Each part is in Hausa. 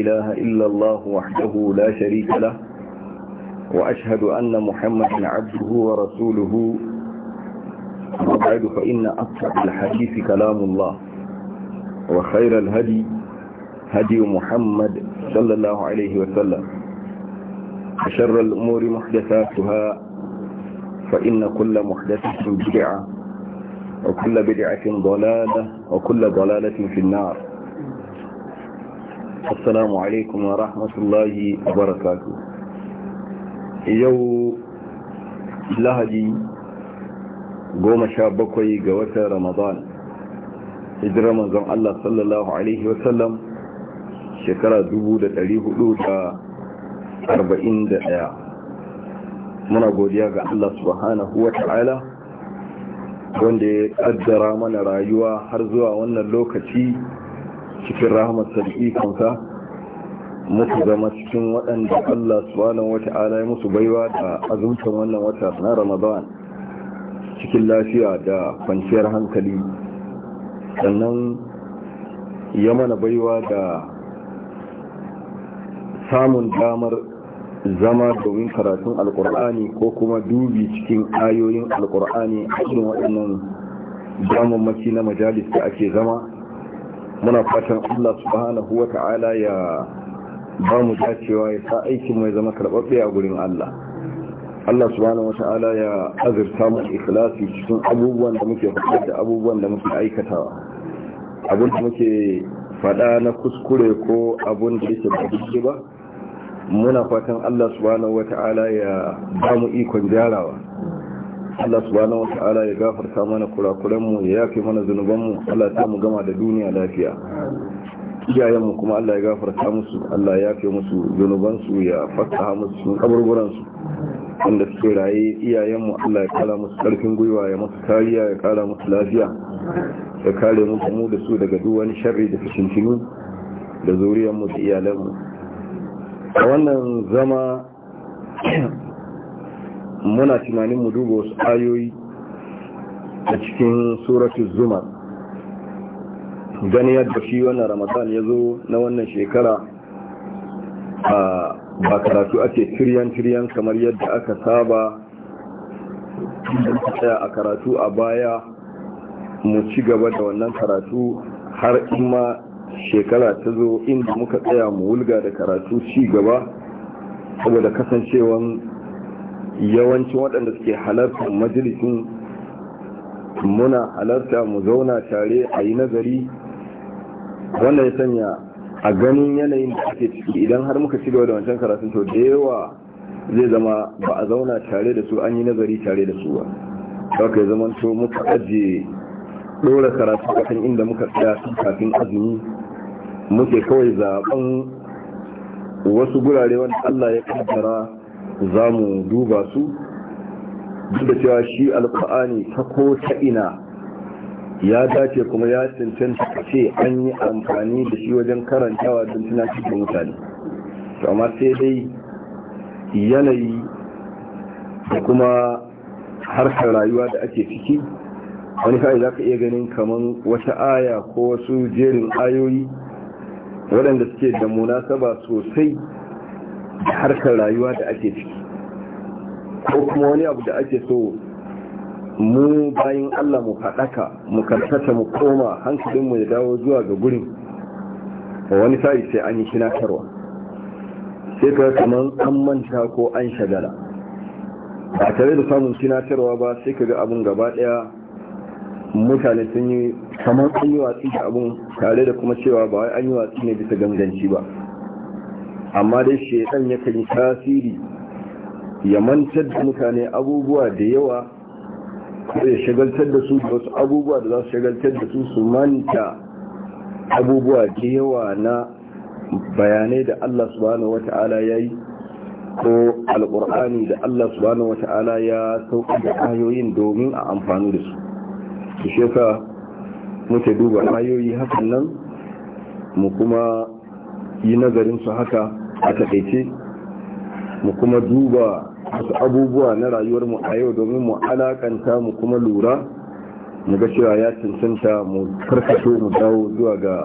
إله إلا الله وحده لا شريك له وأشهد أن محمدا عبده ورسوله وبعد فإن أصحب الحديث كلام الله وخير الهدي هدي محمد صلى الله عليه وسلم وشر الأمور محدثاتها فإن كل محدثة بدعة وكل بدعة ضلالة وكل ضلالة في النار assalamu alaikum wa rahmatullahi wa barakatu yau lahadi goma sha bakwai ga watan ramadan hijira manzon Allah sallallahu alaihi wasallam shekara ɗaya. muna godiya ga Allah subhanahu wa ta'ala wanda ya ƙaddara mana rayuwa har zuwa wannan lokaci cikin rahamar sadiƙansa muku zama cikin waɗanda Allah subhanahu wata'ala ya musu baiwa da azumtar wannan wata na Ramadan cikin lafiya da kwanciyar hankali sannan ya mana baiwa da samun damar zama domin karatun alkur'ani ko kuma dubi cikin ayoyin alkur'ani a cikin waɗannan damammaki na majalis da ake zama muna fatan Allah subhanahu wa ta'ala ya ba mu dacewa ya sa aikin mai zama karɓaɓɓe a gurin Allah Allah subhanahu wa ta'ala ya azurta mu ikhlasi cikin abubuwan da muke faɗa da abubuwan da muke aikatawa abin da muke faɗa na kuskure ko abin da yake ba ba muna fatan Allah subhanahu wa ta'ala ya ba mu ikon jarawa Allah subhanahu wa ta'ala ya gafarta mana mu ya yafe mana zunubanmu Allah ta mu gama da duniya lafiya iyayenmu kuma Allah ya gafarta musu Allah ya yafe musu zunubansu ya fasaha musu su wanda suke raye iyayenmu Allah ya kara musu karfin gwiwa ya musu kariya ya kara musu lafiya ya kare musu mu da su daga duk wani sharri da fitintinu da mu da iyalanmu a wannan zama muna tunanin mu duba wasu ayoyi a cikin suratu Zuma. gani yadda shi wannan ramadan ya zo na wannan shekara ba karatu ake tiryan-tiryan kamar yadda aka saba a karatu a baya mu ci gaba da wannan karatu har in ma shekara ta zo inda muka tsaya mu wulga da karatu ci gaba saboda kasancewan yawancin waɗanda suke halartar majalisun muna halarta mu zauna tare a yi nazari wanda ya sanya a ganin yanayin da ake ciki idan har muka ci gaba da wancan karatun to da yawa zai zama ba a zauna tare da su an yi nazari tare da su ba kawai kai zaman to muka ajiye ɗora karatu a inda muka tsaya kafin azumi muke kawai zaɓen wasu gurare wanda Allah ya kaddara za mu duba su duk da cewa shi alkur'ani ta ko ta ina ya dace kuma ya cancanta ce an yi amfani da shi wajen karantawa don suna cikin mutane to amma sai dai yanayi da kuma harkar rayuwa da ake ciki wani kai za ka iya ganin kamar wata aya ko wasu jerin ayoyi waɗanda suke da munasaba sosai harkar rayuwa da ake ciki ko kuma wani abu da ake so mu bayan Allah mu faɗaka mu karkata mu koma hankalinmu ya dawo zuwa ga gurin wani sa'i sai an yi shinakarwa sai ka kamar an manta ko an shagala ba tare da samun shinakarwa ba sai ka ga abin gaba ɗaya mutane sun yi kamar an yi watsi da abin tare da kuma cewa ba wai an yi watsi ne bisa ganganci ba amma dai shekan yakan yi tasiri ya mantar da mutane abubuwa da yawa ko ya shagaltar da su da wasu abubuwa da za su shagaltar da su su manta abubuwa da yawa na bayanai da Allah subhanahu wata'ala ya yi ko alƙur'ani da Allah subhanahu wata'ala ya sauƙi da ayoyin domin a amfani da su su sheka muke duba ayoyi hakan nan mu kuma yi nazarin su haka a takaice mu kuma duba wasu abubuwa na rayuwar mu a yau domin mu alakanta mu kuma lura mu ga cewa ya cancanta mu karkato mu dawo zuwa ga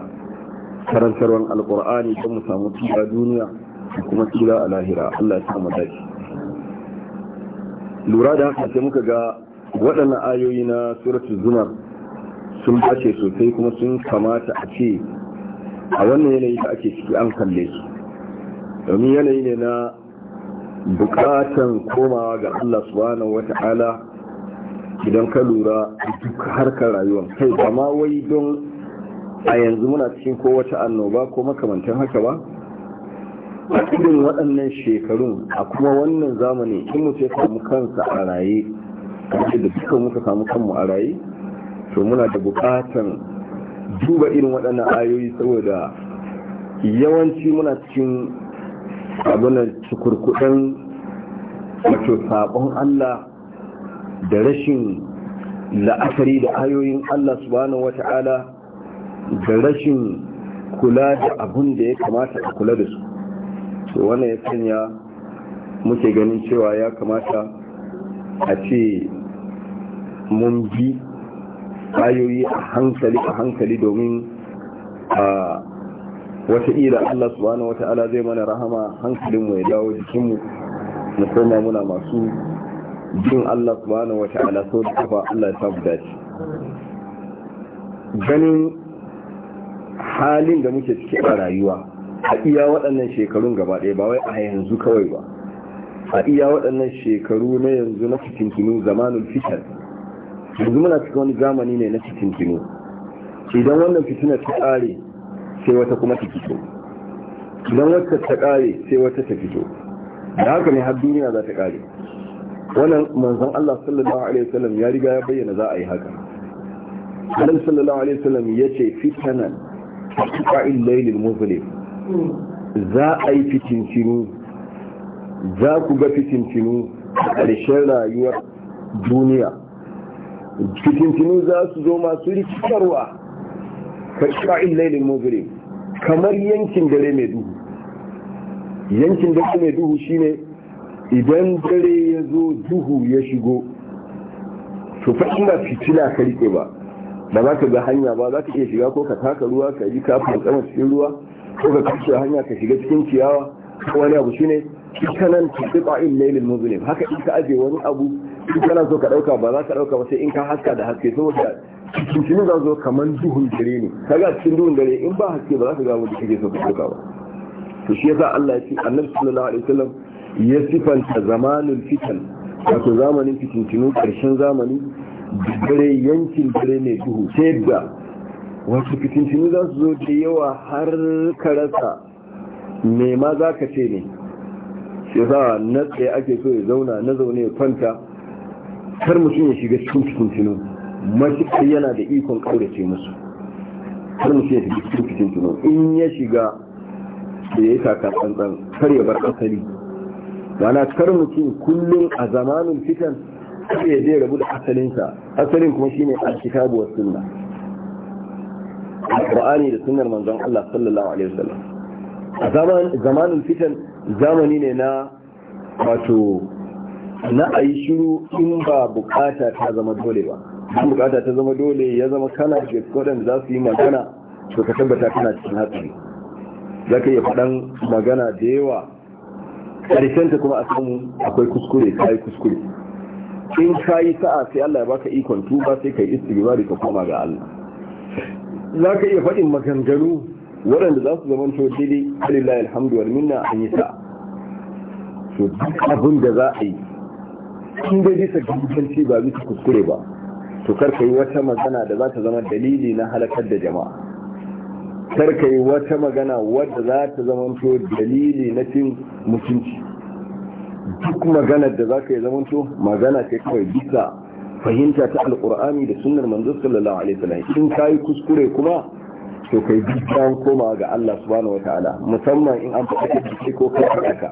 karantarwar alkur'ani don mu samu tsira duniya da kuma tsira a lahira allah ya samu daji lura da haka sai muka ga waɗannan ayoyi na suratul zumar sun bace sosai kuma sun kamata a ce a wannan yanayi da ake ciki an kalle su domin yanayi ne na bukatan komawa ga Allah subhanahu wata'ala idan ka lura duk harkar rayuwar kai ba ma wai don a yanzu muna cikin kowace annoba ko makamantan haka ba a cikin waɗannan shekarun a kuma wannan zamani in mu ce samu kansa a raye da dukkan muka samu kanmu a raye to muna da bukatan duba irin waɗannan ayoyi saboda yawanci muna cikin abinan cikurkudin wato sabon Allah da rashin la'akari da ayoyin Allah subhanahu wata'ala da rashin kula da abun da ya kamata a kula da su to wannan ya sanya muke ganin cewa ya kamata a ce mun bi ayoyi a hankali a hankali domin a ah, wataƙila Allah subhanahu wa ta'ala zai mana rahama hankalin mu ya dawo jikinmu mu koma muna masu jin Allah subhanahu wa ta'ala so da kafa Allah ya samu dace ganin halin da muke cike a rayuwa a iya waɗannan shekarun gaba ɗaya ba wai a yanzu kawai ba a iya waɗannan shekaru na yanzu na kinu zamanin fitar yanzu muna cikin wani zamani ne na kinu idan wannan fitina ta ƙare sai wata kuma ta fito idan wata ta kare sai wata ta fito da haka ne har duniya za ta kare wannan manzon Allah sallallahu alaihi wasallam ya riga ya bayyana za a yi haka Allah sallallahu alaihi wasallam ya ce fitanan qa'il Lailin muzlim za a yi fitincinu za ku ga fitincinu a ƙarshen rayuwar duniya fitincinu za su zo masu rikitarwa ka isra'il lailin mubrim kamar yankin dare mai duhu yankin dare mai duhu shine idan dare ya zo duhu ya shigo to fa ina fitila ka rike ba ba za ka ga hanya ba za ka iya shiga ko ka taka ruwa ka yi kafin tsama cikin ruwa ko ka kashe hanya ka shiga cikin ciyawa ko wani abu shine ita nan tuba in lailin muzlim haka in ka aje wani abu in kana so ka dauka ba za ka dauka ba sai in ka haska da haske saboda cikin za zo kamar duhun dare ne kaga cikin duhun dare in ba haske ba za ka gano da kake so ka ba to shi yasa Allah ya ce annabi sallallahu alaihi wasallam ya sifanta zamanul fitan wato zamanin fitintinu karshen zamani dare yankin dare ne duhu sai da wato fitintinu za su zo da yawa har karasa? rasa me ma za ka ce ne shi yasa na tsaye ake so ya zauna na zaune ya kwanta kar mutum ya shiga cikin fitintinu mashiƙar yana da ikon ƙaurace musu har mu ya shiga cikin cikin tuno in ya shiga da ya yi tsantsan kar ya bar asali mana kar mutum kullum a zamanin fitan kar ya je rabu da asalinsa asalin kuma shine alkitabu wa sunna alqur'ani da sunnar manzon Allah sallallahu alaihi wasallam a zamanin fitan zamani ne na wato na ayi shiru in ba bukata ta zama dole ba har bukata ta zama dole ya zama kana ke kodan za su yi magana to ka tabbata kana cikin hatsari za ka iya faɗan magana da yawa ta kuma a samu akwai kuskure ka yi kuskure in ka yi sa'a sai Allah ya baka ikon tuba sai ka yi istighfari ka koma ga Allah za ka iya faɗin maganganu waɗanda za su zama to daidai alillahi alhamdu minna an yi sa'a to duk abin da za a yi in dai bisa ganganci ba bisa kuskure ba to karka yi wata magana da za ta zama dalili na halakar da jama'a karka yi wata magana wadda za ta zama to dalili na cin mutunci duk magana da za ka yi zama to magana ce kawai bisa fahimta ta alkur'ani da sunan manzo sallallahu alaihi wasallam in yi kuskure kuma to kai bidan koma ga Allah subhanahu wataala musamman in an faɗa ko kai ka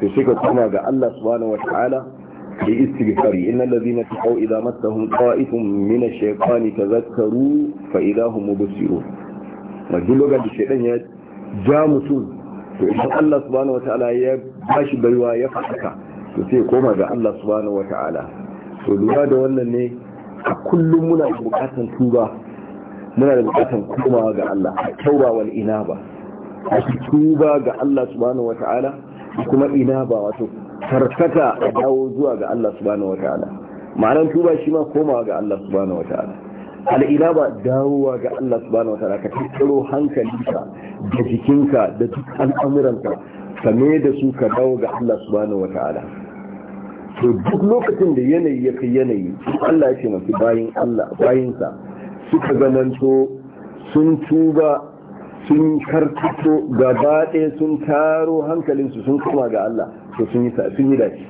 to sai ka koma ga Allah subhanahu wataala yi istighfari innal ladhina taqaw kauida massahum qa'ifun min ash-shaytani tadhakkaru fa idza mubsirun majin lokacin da ya ja mutum to idan Allah subhanahu wataala ya bashi baiwa ya fadaka to sai koma ga Allah subhanahu wataala to lura da wannan ne a kullum muna da bukatan tuba muna da bukatan komawa ga Allah a tauba wal inaba a tuba ga Allah subhanahu wataala kuma inaba wato karkata a dawo zuwa ga Allah subhanahu wataala ma'anar tuba shi ma komawa ga Allah subhanahu wataala ba dawowa ga Allah subhanahu wataala ka tattaro hankalinka da jikinka da duk al'amuranka ka me da su ka dawo ga Allah subhanahu wataala to duk lokacin da yanayi ya kai yanayi Allah ya ce masu bayin Allah bayinsa suka zananto sun tuba sun karkato gaba ɗaya sun taro hankalinsu sun koma ga Allah to sun yi sun yi dace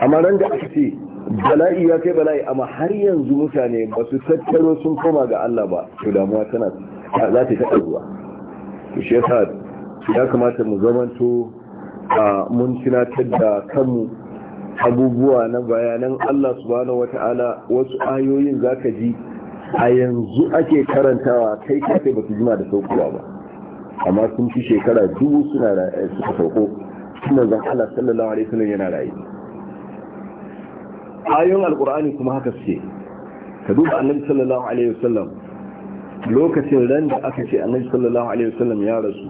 amma nan da aka ce bala'i ya kai bala'i amma har yanzu mutane ba su tattaro sun koma ga Allah ba to damuwa tana za ta ta ruwa to shi yasa ya kamata mu zamanto a mun tunatar da kanmu abubuwa na bayanan Allah subhanahu wata'ala wasu ayoyin zaka ji a yanzu ake karantawa kai kai ba su jima da saukowa ba amma sun fi shekara dubu suna suka sauko sunan zan Allah sallallahu alaihi yana rayu alkur'ani kuma haka suke ka duba annabi sallallahu alaihi wasallam lokacin ran da aka ce annabi sallallahu alaihi ya rasu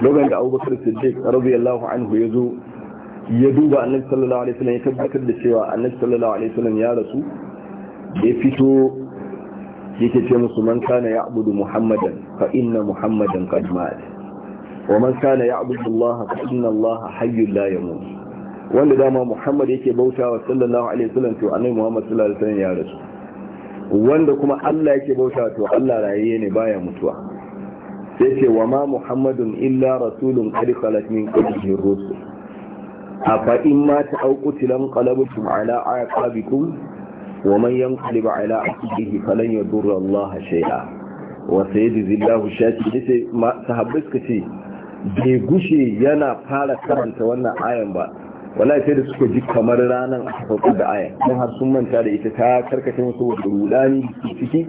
lokacin da abubakar siddiq radiyallahu anhu ya zo ya duba annabi sallallahu alaihi ya tabbatar da cewa annabi sallallahu alaihi ya rasu ya fito yake ce musu man kana ya'budu muhammadan fa inna muhammadan qad ومن كان يعبد الله فإن الله حي لا يموت wanda dama Muhammad yake bautawa sallallahu alaihi wasallam to annabi Muhammad sallallahu alaihi wasallam ya rasu wanda kuma Allah yake bautawa to Allah rayaye ne baya mutuwa sai ce wa ma Muhammadun illa rasulun qad khalat min qablihi rusul afa in ma ta'uqtilan qalabtum ala aqabikum wa man yanqalib ala aqibihi falan yadurra Allah shay'a wa sayajzi zillahu shakirin sai sahabbai suka ce bai gushe yana fara karanta wannan ayan ba wallahi sai da suka ji kamar ranar a farko da ayan don har sun manta da ita ta karkace musu wata rudani ciki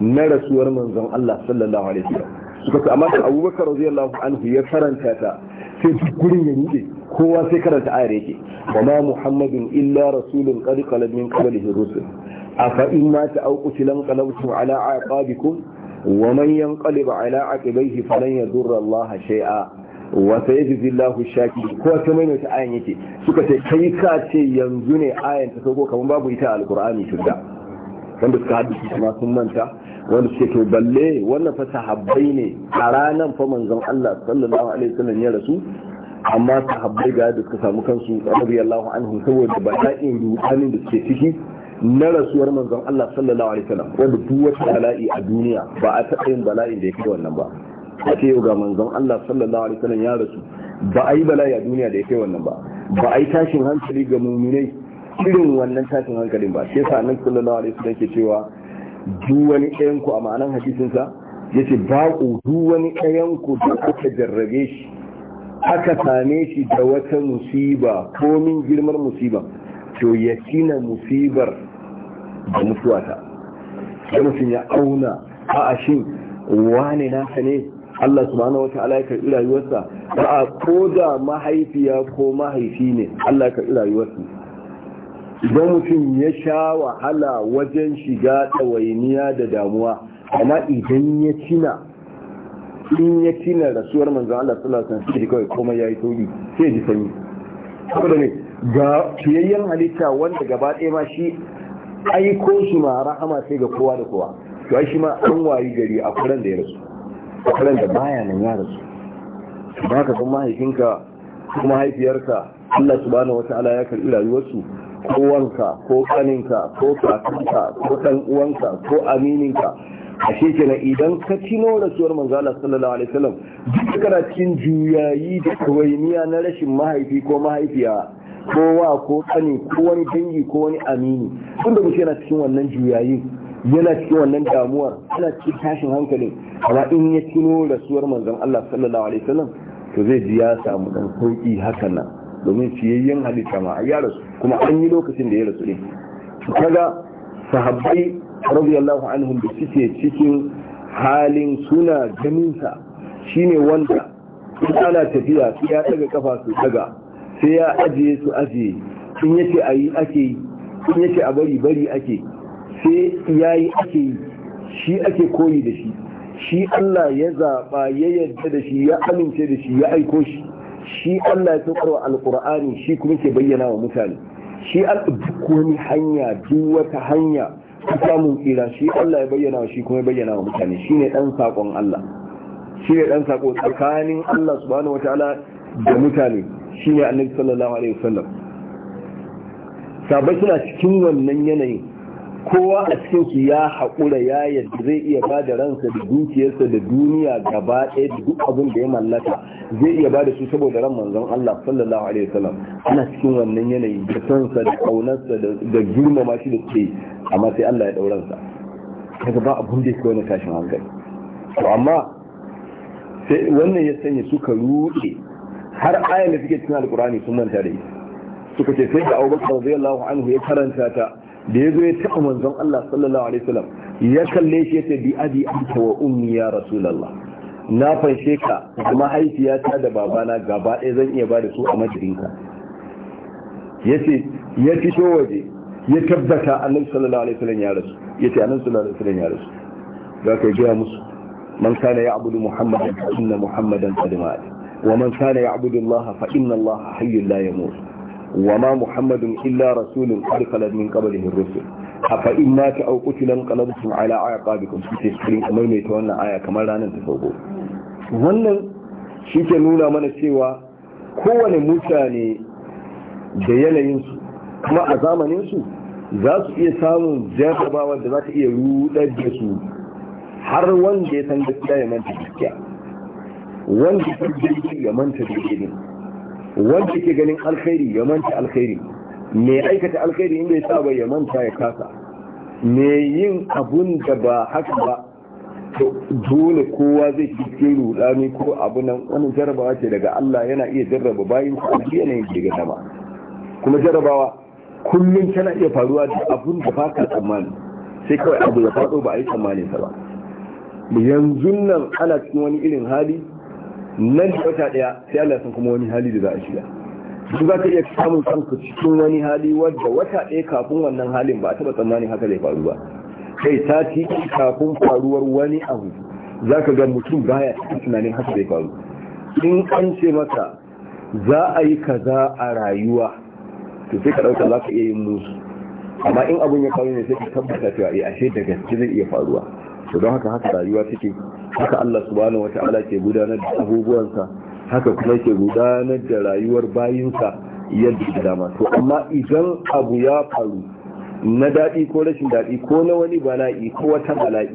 na rasuwar manzon Allah sallallahu alaihi wasallam suka ce amma da Abubakar radiyallahu anhu ya karanta ta sai duk gurin ya nide kowa sai karanta ayar yake wa ma muhammadun illa rasulun qad qala min qablihi rusul afa in ma ta'uqu au qalabtu ala aqabikum ومن ينقلب على عقبيه فلن يضر الله شيئا wasa ya jizi lahu shaki ko mai wata ayan yake suka ce kai ka ce yanzu ne ayan ta sauko kamar babu ita a alkur'ani tudda wanda suka haddace kuma sun manta wanda suke to balle wannan fa sahabbai ne a ranan fa manzon Allah sallallahu alaihi wasallam ya rasu amma sahabbai ga da suka samu kansu radiyallahu anhu saboda bala'in ruɗanin da suke ciki na rasuwar manzon Allah sallallahu alaihi wasallam wanda duk wata bala'i a duniya ba a taɓa yin bala'in da ya kai wannan ba a ce ga manzon Allah sallallahu alaihi wasallam ya rasu ba a yi bala'i a duniya da ya kai wannan ba ba a yi tashin hankali ga muminai irin wannan tashin hankalin ba sai sa nan sallallahu alaihi wasallam ke cewa duk wani ɗayan ku a ma'anan hadisin sa yace ba ku duk wani ɗayan ku da aka jarrabe shi aka same shi da wata musiba ko min girmar musiba to ya cina musibar a mutuwata sai mutum ya auna a ashin wane naka ne Allah subhanahu wata'ala ya karɓi rayuwarsa ba a ko da mahaifiya ko mahaifi ne Allah ya karɓi rayuwarsa idan mutum ya sha wahala wajen shiga ɗawainiya da damuwa amma idan ya cina in ya cina rasuwar manzan Allah sallallahu alaihi wasallam kawai komai yayi tauri sai ji sanyi saboda ne ga fiyayyen halitta wanda gaba ɗaya ma shi aiko shi ma rahama sai ga kowa da kowa to ai shi ma an wayi gari a kuran da ya rasu a kuran da baya nan ya rasu ba ka san mahaifinka ko mahaifiyarka Allah subhanahu wata'ala ya karbi rayuwarsu ko wanka ko kaninka ko kakanka ko dan uwanka ko amininka a na idan ka tino rasuwar manzo Allah sallallahu alaihi wasallam duk kana cikin juyayi da kawainiya na rashin mahaifi ko mahaifiya kowa ko kane ko wani dangi ko wani amini tun da mutum yana cikin wannan juyayi yana cikin wannan damuwar yana cikin tashin hankali amma in ya tuno rasuwar manzon Allah sallallahu alaihi wasallam to zai ji ya samu dan sauki haka nan domin fiyayyen halitta ma ya rasu kuma an yi lokacin da ya rasu ne kaga sahabbai radiyallahu anhum da suke cikin halin suna ganinsa sa shine wanda in ana tafiya su ya daga kafa su daga sai ya ajiye su ajiye in yace ayi ake yi in yake a bari bari ake sai yayi ake yi shi ake koyi da shi shi Allah ya zaɓa ya yarda da shi ya amince da shi ya aiko shi shi Allah ya saukarwa alƙur'ani shi kuma ke bayyana wa mutane shi duk wani hanya duk wata hanya ta samun kira shi Allah ya bayyana wa shi kuma bayyana wa mutane shi ne ɗan saƙon Allah shi ne ɗan saƙo tsakanin Allah subhanahu wa ta'ala da mutane ne annabi sallallahu alaihi wasallam sabai suna cikin wannan yanayin kowa a cikin su ya haƙura ya yadda zai iya ba da ransa da dukiyarsa da duniya gaba ɗaya da duk abin da ya mallaka zai iya ba da su saboda ran manzon Allah sallallahu alaihi wasallam ana cikin wannan yanayi da sansa da kaunarsa da girmama shi da ke amma sai Allah ya sa kaga ba abun da yake wani tashin hankali to amma sai wannan ya sanya suka ruɗe har ayan da suke cikin alkurani sun manta da ita suka ce sai da abubakar radiyallahu anhu ya karanta ta da ya zo ya taɓa manzon Allah sallallahu alaihi wasallam ya kalle shi ya ce bi abi anta wa ummi ya rasulullah na fanshe ka kuma ta da babana gaba ɗaya zan iya ba da su a majalinka ya ce ya fito waje ya tabbata annabi sallallahu alaihi wasallam ya rasu ya ce annabi sallallahu alaihi wasallam ya rasu za ka gaya musu man kana ya abudu muhammadan inna muhammadan qad ومن كان يعبد الله فإن الله حي لا يموت وما محمد إلا رسول قد خلت من قبله الرسل أفإن مات أو قتل انقلبتم على أعقابكم في تسكرين كما يميت آية كما لا ننتفوه wannan shi nuna mana cewa kowane mutane da su kuma a zamaninsu za su iya samun jarabawa da za iya rudar da su har wanda ya san gaskiya ya manta gaskiya wanda ke jirgin ya manta daidai ne wanda ke ganin alkhairi ya manta alkhairi mai aikata alkhairi in bai saba ya manta ya kasa mai yin abun da ba haka ba dole kowa zai fi cikin rudani ko abu nan wani jarabawa ce daga Allah yana iya jarraba bayan su a yanayin da ga sama, kuma jarrabawa kullum tana iya faruwa da abun da ba ka tsammani sai kawai abu ya faɗo ba a yi tsammani sa ba yanzu nan ana cikin wani irin hali nan da wata daya sai Allah san kuma wani hali da za a shiga duk za ka iya samun kanka cikin wani hali wadda wata daya kafin wannan halin ba a taba tsammani haka zai faru ba kai ciki kafin faruwar wani abu za ka ga mutum baya cikin tunanin haka zai faru in an ce maka za a yi kaza a rayuwa to sai ka ɗauka za ka iya yin musu amma in abun ya faru ne sai ka tabbata cewa eh ashe da gaske zai iya faruwa to don haka haka rayuwa take haka Allah subhanahu wata'ala ke gudanar da abubuwansa haka kuma ke gudanar da rayuwar bayinsa yadda da dama to amma idan abu ya faru na daɗi ko rashin daɗi ko na wani bala'i ko wata bala'i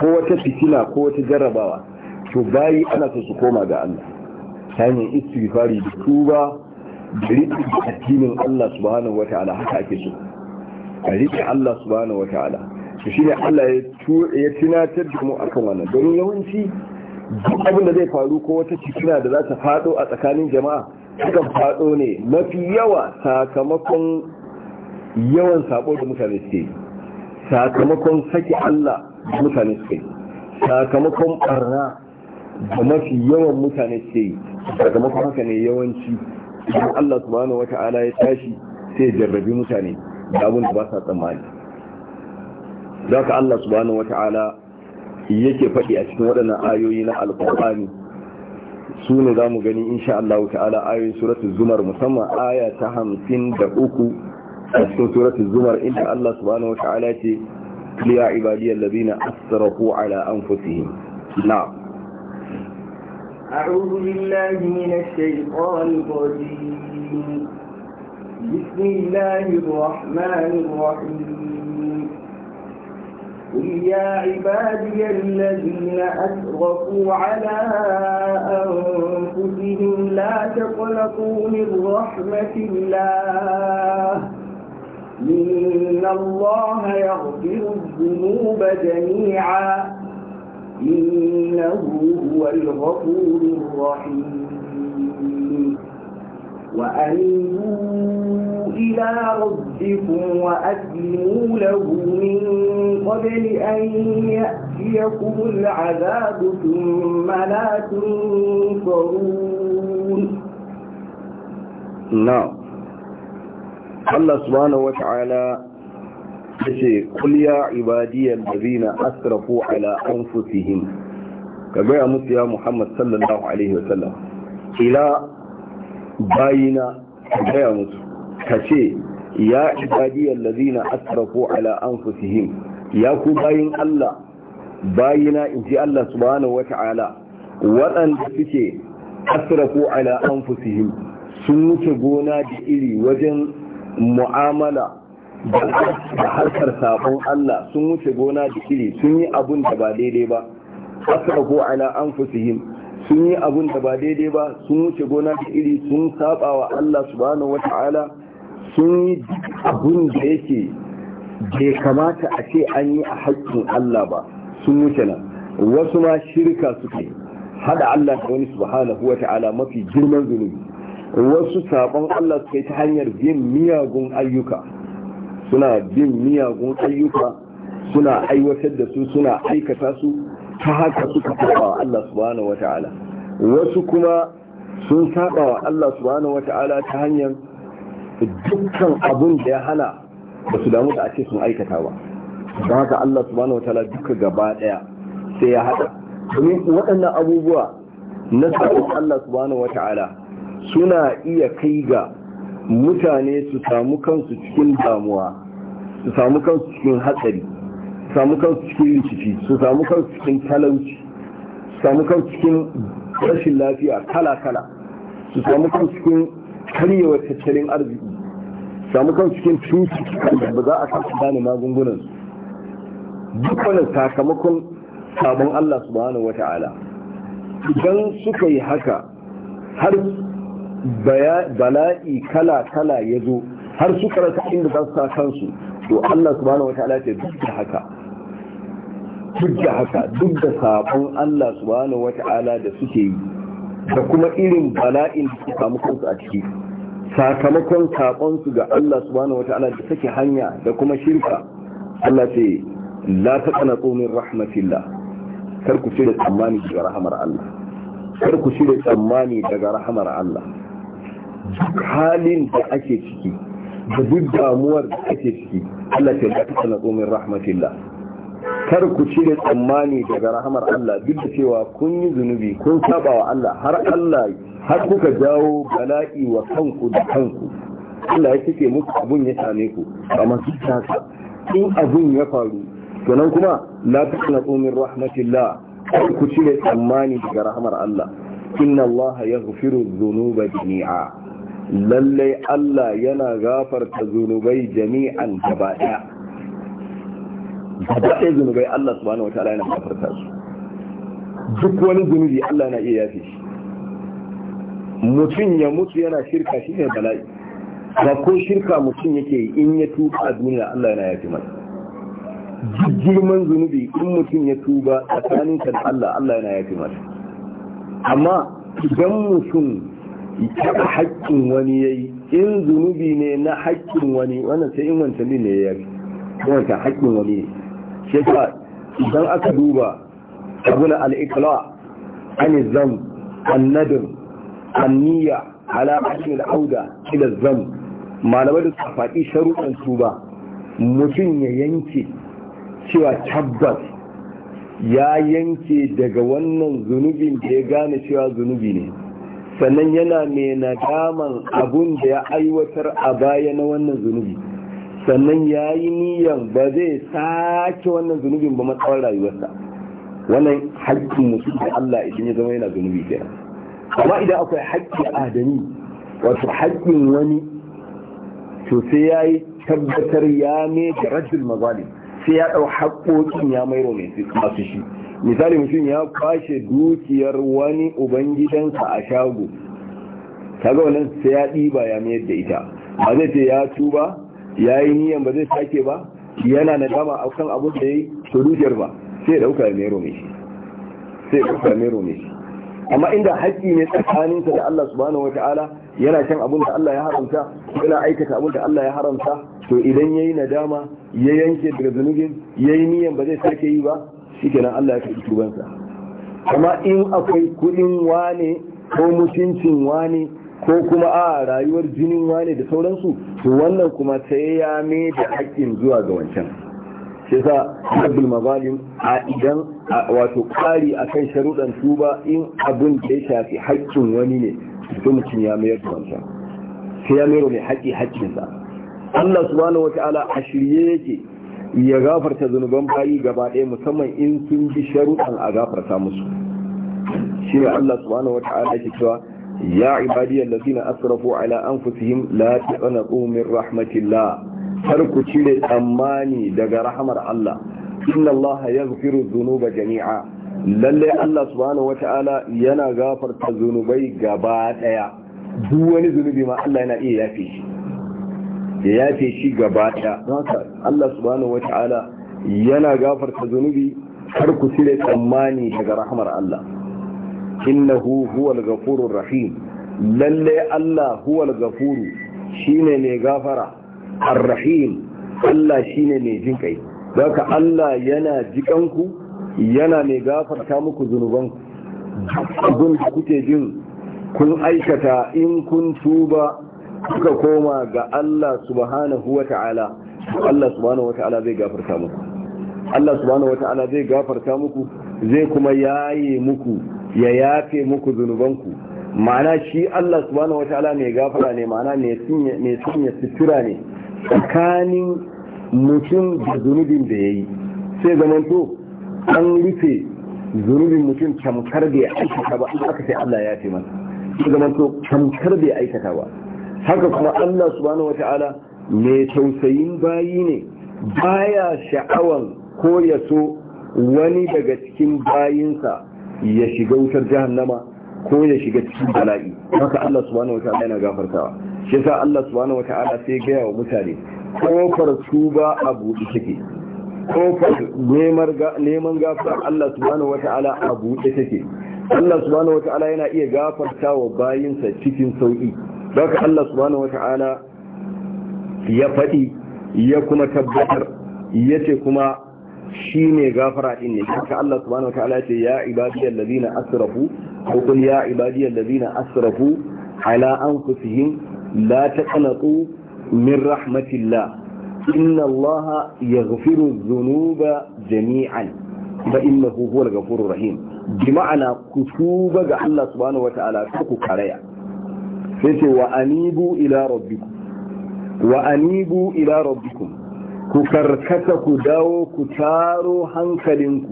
ko wata fitina ko wata jarrabawa to bayi ana so su koma ga Allah ta hanyar istighfari da tuba da riƙe addinin Allah subhanahu wata'ala haka ake so a riƙe Allah subhanahu wata'ala su shi ne Allah ya tunatar da mu akan wannan don yawanci duk abin da zai faru ko wata cikina da za ta fado a tsakanin jama'a sukan fado ne mafi yawa sakamakon yawan sabo da mutane suke sakamakon saki Allah da mutane suke sakamakon barna da mafi yawan mutane suke sakamakon haka ne yawanci idan Allah subhanahu wata'ala ya tashi sai ya jarrabi mutane da abin da ba sa tsammani za ka Allah subhanahu wa ta'ala yake faɗi a cikin waɗannan ayoyi na alƙur'ani su ne za mu gani insha Allah ta'ala ayoyin suratul zumar musamman aya ta hamsin da uku a cikin suratul zumar inda Allah subhanahu wa ta'ala ce liya ibadiyar labina asrafu ala an anfusihim na'am أعوذ بالله من الشيطان الرجيم بسم الله الرحمن الرحيم قل يا عبادي الذين أسرفوا على أنفسهم لا تقلقوا من رحمة الله إن الله يغفر الذنوب جميعا إنه هو الغفور الرحيم وأنبوا إلى ربكم وأسلموا له من قبل أن يأتيكم العذاب ثم لا تنصرون نعم الله سبحانه وتعالى yace kul ya ibadiyal ladina asrafu ala anfusihim ka gaya musu ya muhammad sallallahu alaihi wasallam ila bayina ka gaya musu kace ya ibadiyal ladina asrafu ala anfusihim ya ku bayin Allah bayina inji Allah subhanahu wata'ala waɗanda suke asrafu ala anfusihim sun wuce gona da iri wajen mu'amala da harkar sabon Allah sun wuce gona da iri sun yi abun da ba daidai ba asrafu ala anfusihim sun yi abun da ba daidai ba sun wuce gona da iri sun saba wa Allah subhanahu wata'ala sun yi duk abin da yake bai kamata a ce an yi a haƙƙin Allah ba sun wuce nan wasu ma shirka suka yi. hada Allah da wani subhanahu wa ta'ala mafi girman zunubi wasu sabon Allah yi ta hanyar bin miyagun ayyuka suna bin miyagun ayyuka suna aiwatar da su suna aikata su ta haka suka saba wa Allah subhanahu wa ta'ala wasu kuma sun saba wa Allah subhanahu wa ta'ala ta hanyar dukkan abin da ya hana ba su damu da ake sun aikata ba don haka Allah subhanahu wataala duka gaba daya sai ya hada domin waɗannan abubuwa na sabon Allah subhanahu ala suna iya kai ga mutane su samu kansu cikin damuwa su samu kansu cikin hatsari su samu kansu cikin rikici su samu kansu cikin talauci su samu kansu cikin rashin lafiya kala kala su samu kansu cikin karyewar tattalin arziki samu kan cikin cututtukan da ba za a kasu gane magungunan duk wani sakamakon sabon Allah subhanahu wata'ala idan suka yi haka har bala'i kala-kala ya zo har suka rasa inda za su sa kansu to Allah subhanahu wata'ala ce duk da haka duk da haka duk da sabon Allah subhanahu wata'ala da suke yi da kuma irin bala'in da suka samu kansu a ciki sakamakon saƙonsu ga Allah subhanahu wata'ala da take hanya da kuma shirka Allah ce la taqana min rahmatillah kar ku shirya tsammani daga rahmar Allah kar ku tsammani daga rahmar Allah halin da ake ciki da duk damuwar da ake ciki Allah ce la taqana min rahmatillah kar ku cire tsammani daga rahamar Allah duk da cewa kun yi zunubi kun saba wa Allah har Allah har kuka jawo bala'i wa kanku da kanku Allah ya cike muku abun ya same ku amma su haka in abun ya faru to nan kuma la taqnatu min rahmatillah kar ku cire tsammani daga rahamar Allah inna Allah yaghfiru dhunuba jami'a lallai Allah yana gafarta zunubai jami'an gaba daya ba da ɗaya zunubai Allah subhanahu wataala yana gafarta su duk wani zunubi Allah na iya yafe shi mutum ya mutu yana shirka shi ne bala'i ba ko shirka mutum yake yi in ya tuba a duniya Allah yana yafe masa duk girman zunubi in mutum ya tuba tsakaninsa kan Allah Allah yana yafe masa amma idan mutum taɓa haƙƙin wani ya yi in zunubi ne na haƙƙin wani wannan sai in wancan ne ya yi wancan haƙƙin wani ne shi idan aka duba abuna alikla iqla an zam an-nadm an-niyya malamai da suka faɗi sharuɗan su ba mutum ya yanke cewa tabbas ya yanke daga wannan zunubin da ya gane cewa zunubi ne sannan yana mai nadaman abun da ya aiwatar a baya na wannan zunubi sannan ya yi niyan ba zai sake wannan zunubin ba matsawar rayuwarsa wannan haƙƙin mutum da Allah idan ya zama yana zunubi kenan amma idan akwai haƙƙin adami wato haƙƙin wani to sai ya yi tabbatar ya ne da rajul mazalim sai ya ɗau haƙƙoƙin ya mairo masu shi misali mutum ya kwashe dukiyar wani ubangidansa a shago kaga wannan sai ya ɗiba ya mayar da ita ba zai ce ya tuba ya yi niyan ba zai sake ba yana nadama a kan abu da ya yi surujiyar ba sai dauka ya mero mai shi sai dauka ya mero mai shi amma inda haƙƙi ne tsakaninsa da Allah subhanahu wata'ala yana kan abin da Allah ya haramta yana aikata abin da Allah ya haramta to idan ya yi nadama ya yanke daga zunubin ya yi niyan ba zai sake yi ba shikenan Allah ya karɓi tubansa amma in akwai kuɗin wane ko mutuncin wane ko kuma a rayuwar jinin wane da sauransu to wannan kuma sai ya me da haƙƙin zuwa ga wancan sai sa abdul mazalim a idan wato ƙari a kan sharuɗan tuba in abin da ya shafi haƙƙin wani ne to mutum ya mayar da wancan sai ya mayar mai haƙƙi haƙƙinsa Allah subhanahu wataala a shirye yake ya gafarta zunuban bayi gaba ɗaya musamman in sun bi sharuɗan a gafarta musu shi ne Allah subhanahu wataala ke cewa ya ibadiyar da zina asrafu ala an fusihim la ta tsana umin rahmatillah har ku cire tsammani daga rahamar Allah inna Allah ya zufiru zunuba jami'a lalle Allah subhanahu wa ta'ala yana gafarta zunubai gaba daya duk wani zunubi ma iya yafe shi Allah subhanahu wa ta'ala yana gafarta zunubi har ku cire tsammani daga rahamar Allah innahu huwal ghafurur rahim lalle Allah huwal gafuru shine mai gafara ar-rahim Allah shine mai jinkai daga Allah yana jikanku yana mai gafarta muku zunubanku abin da kuke jin kun aikata in kun tuba kuka koma ga Allah subhanahu wata'ala Allah subhanahu wata'ala zai gafarta muku Allah subhanahu wata'ala zai gafarta muku zai kuma yaye muku ya yafe muku zunubanku ma'ana shi Allah subhanahu ta'ala mai gafara ne ma'ana mai sanya sutura ne tsakanin mutum da zunubin da ya yi sai to an rufe zunubin mutum tamkar da ya aikata ba aka sai Allah ya fi masa sai to tamkar da ya aikata ba haka kuma Allah subhanahu ta'ala mai tausayin bayi ne baya sha'awan ko ya so wani daga cikin bayinsa ya shiga wutar jahannama ko ya shiga cikin bala'i haka Allah subhanahu wata'ala yana gafartawa shi yasa Allah subhanahu wata'ala sai gaya wa mutane kofar tuba a buɗe take kofar neman gafar Allah subhanahu wata'ala a buɗe take Allah subhanahu wata'ala yana iya gafartawa bayin bayinsa cikin sauƙi haka Allah subhanahu wata'ala ya faɗi ya kuma tabbatar ya ce kuma shi ne gafara din ne haka Allah subhanahu wa ya ce ya ibadiyal ladina asrafu ko kun ya ibadiyal ladina asrafu ala anfusihim la taqnatu min rahmatillah inna Allah yaghfiru dhunuba jami'an fa innahu huwal ghafurur rahim bi ma'ana kutuba ga Allah subhanahu wataala ku karaya sai ce wa anibu ila rabbikum wa anibu ila rabbikum ku karkata ku dawo ku taro hankalinku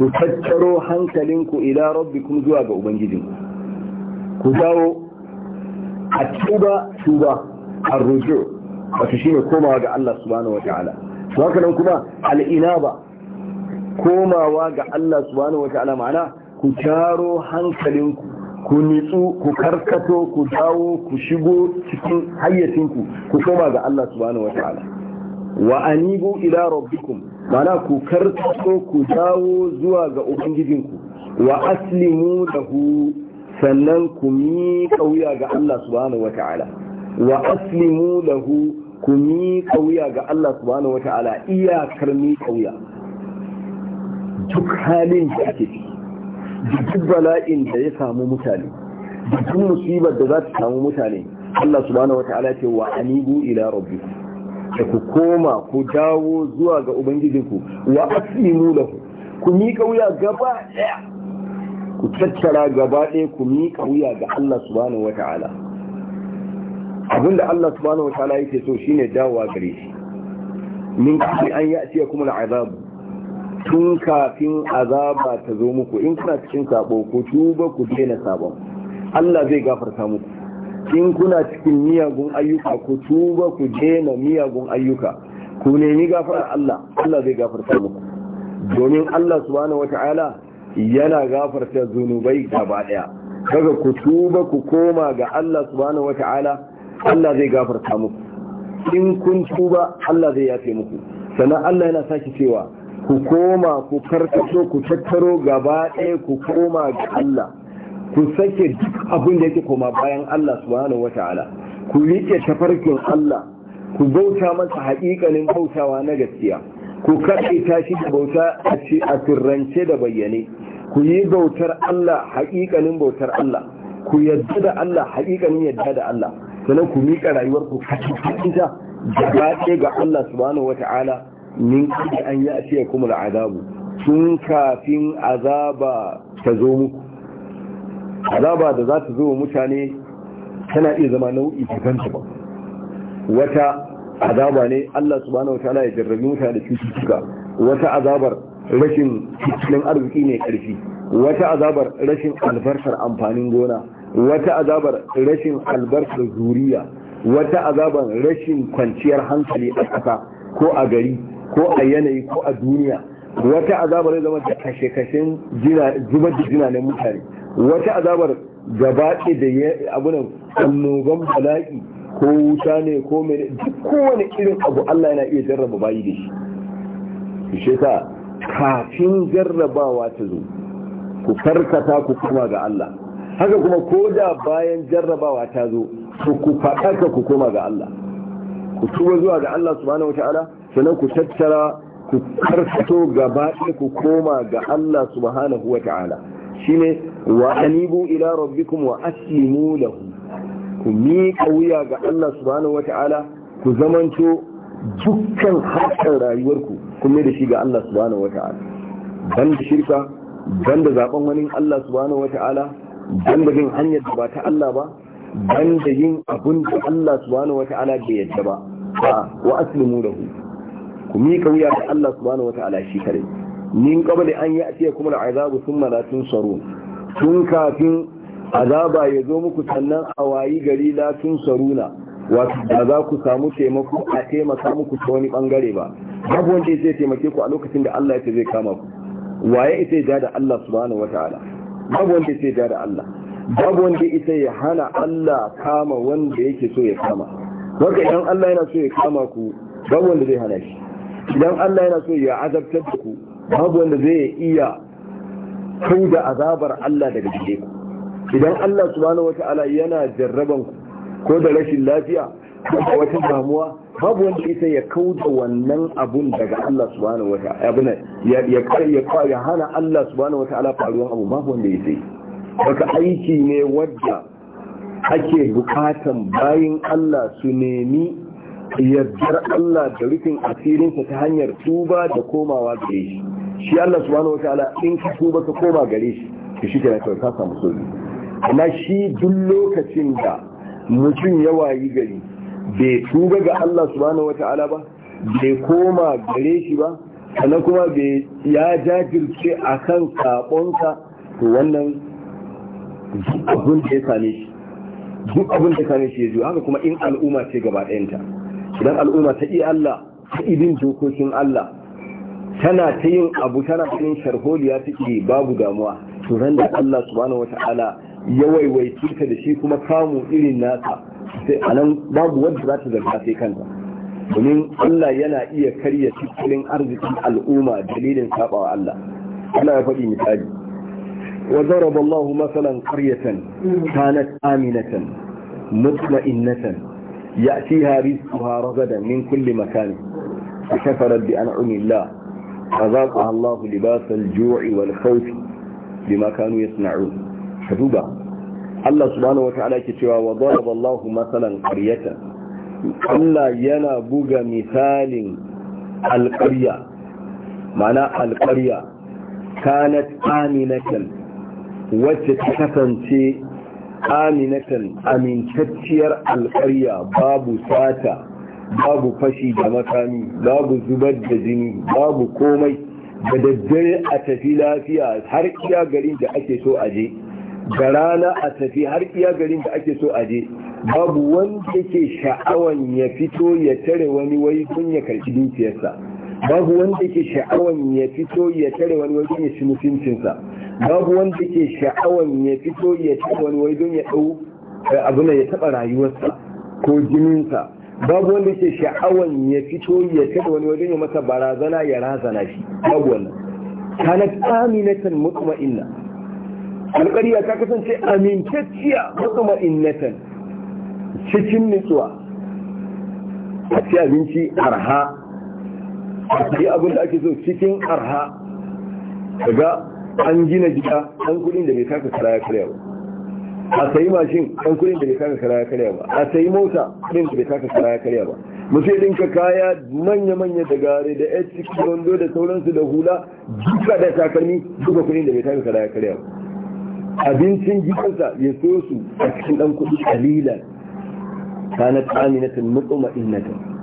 ku tattaro hankalinku ila rabbikum zuwa ga ubangijinku ku dawo a tuba tuba a rujo wato shine komawa ga Allah subhanahu wataala to haka nan kuma al-inaba komawa ga Allah subhanahu wataala ma'ana ku taro hankalinku ku nitsu ku karkato ku dawo ku shigo cikin hayyacinku ku koma ga Allah subhanahu wataala wa anibu ila rabbikum mana ku karkato ku dawo zuwa ga ubangijinku wa aslimu lahu sannan ku miƙa wuya ga Allah subhanahu wa wa aslimu lahu ku miƙa wuya ga Allah subhanahu wata'ala ta'ala iyakar miƙa wuya duk halin da ake ciki duk bala'in da ya samu mutane duk musibar da za ta samu mutane Allah subhanahu wata'ala ta'ala ce wa anibu ila rabbikum da ku koma ku dawo zuwa ga ubangijinku wa aslimu lahu ku miƙa wuya gaba ɗaya ku tattara gaba ɗaya ku miƙa wuya ga Allah subhanahu wa ta'ala. abinda Allah subhanahu wa ta'ala yake so shine dawowa gare shi min kafi an ya'tiya kuma al'azabu tun kafin azaba ta zo muku in kuna cikin sabo ku tuba ku daina sabon Allah zai gafarta muku in kuna cikin miyagun ayyuka ku tuba ku daina miyagun ayyuka ku nemi gafara Allah Allah zai gafarta muku domin Allah subhanahu wata'ala yana gafarta zunubai gaba daya kaga ku tuba ku koma ga Allah subhanahu wata'ala Allah zai gafarta muku in kun tuba Allah zai yafe muku sannan Allah yana saki cewa ku koma ku karkato ku tattaro gaba daya ku koma ga Allah ku sake duk abin da yake koma bayan Allah subhanahu wata'ala ku riƙe tafarkin Allah ku bauta masa haƙiƙanin bautawa na gaskiya ku ta tashi da bauta a sirrance da bayyane ku yi bautar Allah haƙiƙanin bautar Allah ku yadda da Allah haƙiƙanin yadda da Allah sannan ku miƙa rayuwar ku ita gaba ɗaya ga Allah subhanahu wata'ala min kada an ya ce kuma da azabu tun kafin azaba ta zo muku azaba da za ta zo wa mutane tana iya zama nau'i ganta ba wata azaba ne Allah subhanahu wataala ya jarrabi mutane da cututtuka wata azabar rashin cikin arziki ne karfi wata azabar rashin albarkar amfanin gona wata azabar rashin albarkar zuriya wata azabar rashin kwanciyar hankali a ƙasa ko a gari ko a yanayi ko a duniya wata azabar zama da kashe-kashen zubar da na mutane wata azabar gabaɗe da abu nan annoban bala'i ko wuta ne ko mene duk kowane irin abu Allah yana iya jarraba bayi da shi shi sa kafin jarrabawa ta zo ku farkata ku kuma ga Allah haka kuma ko da bayan jarrabawa ta zo ku ku faɗaka ku koma ga Allah ku tuba zuwa ga Allah subhanahu wataala sannan ku tattara ku karfato gaba ku koma ga Allah subhanahu wataala shine wa anibu ila rabbikum wa aslimu lahu ku miƙa wuya ga Allah subhanahu wata'ala ku zamanto dukkan harkar rayuwarku kuma da shi ga Allah subhanahu wata'ala ban da shirka ban da zaben wani Allah subhanahu wata'ala ban da yin hanyar da ba ta Allah ba ban da yin abun da Allah subhanahu wata'ala bai yadda ba wa aslimu lahu ku miƙa wuya ga Allah subhanahu wata'ala shi kare min qabli an ya'tiya kuma al'azabu thumma la tunsarun tun kafin azaba ya zo muku sannan a wayi gari la tunsaruna wato da za ku samu taimako a taimaka muku ta wani bangare ba babu wanda ya taimake ku a lokacin da Allah ya zai kama ku waye ita ya da Allah subhanahu wataala babu wanda ya ja da Allah babu wanda ita ya hana Allah kama wanda yake so ya kama wanda idan Allah yana so ya kama ku babu wanda zai hana shi idan Allah yana so ya azabtar da ku babu wanda zai iya hanga azabar Allah daga gare ku idan Allah subhanahu wata'ala yana jarraban ku ko da rashin lafiya ko da wata damuwa babu wanda ita ya kauda wannan abun daga Allah subhanahu wata'ala abuna ya ya ya hana Allah subhanahu wata'ala faruwan abu babu wanda ya sai haka aiki ne wadda ake bukatan bayin Allah su nemi yardar Allah da rufin asirinsa ta hanyar tuba da komawa gare shi shi Allah subhanahu ala, in ka tuba ka koma gare shi to shi kenan ka samu sauki amma shi duk lokacin da mutum ya wayi gari bai tuba ga Allah subhanahu ala ba bai koma gare shi ba sannan kuma bai ya jajirce akan sabonka to wannan duk abin da ya same shi duk abin da ya same shi ya zo haka kuma in al'umma ce gaba ɗayanta idan al'umma ta iya Allah ta idin dokokin Allah tana ta yin abu tana cikin sharholiya take babu damuwa to ran da Allah subhanahu wataala ya waiwai ta da shi kuma kamu irin nasa sai nan babu wanda za ta zarga sai kanta domin Allah yana iya karya cikin arzikin al'umma dalilin sabawa Allah Allah ya faɗi misali wa daraba Allahu masalan qaryatan kanat aminatan mutma'innatan ya'tiha rizquha ragadan min kulli makan فكفرت بأنعم الله azaqaha Allah libas al-ju'i wal khawf bima kanu yasna'un Allah subhanahu wata'ala ke cewa wa daraba Allah masalan qaryatan Allah yana buga misalin alqarya ma'ana alqarya kanat wacce ta kasance aminatan amintacciyar alqarya babu sata babu fashi da makami babu zubar da jini babu komai da daddare a tafi lafiya har iya garin da ake so aje da rana a tafi har iya garin da ake so aje babu wanda ke sha'awan ya fito ya tare wani wai kun ya karɓi dukiyarsa babu wanda ke sha'awan ya fito ya tare wani wai kun ya ci mutuncinsa babu wanda ke sha'awan ya fito ya tare wani wai don ya ɗau eh, ne ya taɓa rayuwarsa ko jininsa babu wanda ke sha'awan ya fito ya kada wani wajen ya masa barazana ya razana shi babu wannan kanat aminatan mutma'inna alƙariya ta kasance amintacciya mutma'innatan cikin nutsuwa a ci abinci arha a ci abin da ake so cikin arha daga an gina gida an kudin da bai kaka kara ya karya a sayi mashin ɗan kudin da bai taka kara ya karya ba a sayi mota ɗin da bai taka kara ya karya ba musu ya dinka kaya manya-manya da gare da yan ciki da sauransu da hula duka da takalmi duka kudin da bai taka kara ya karya ba abincin gidansa ya so su a cikin ɗan kudi kalilan kanat aminatan ta.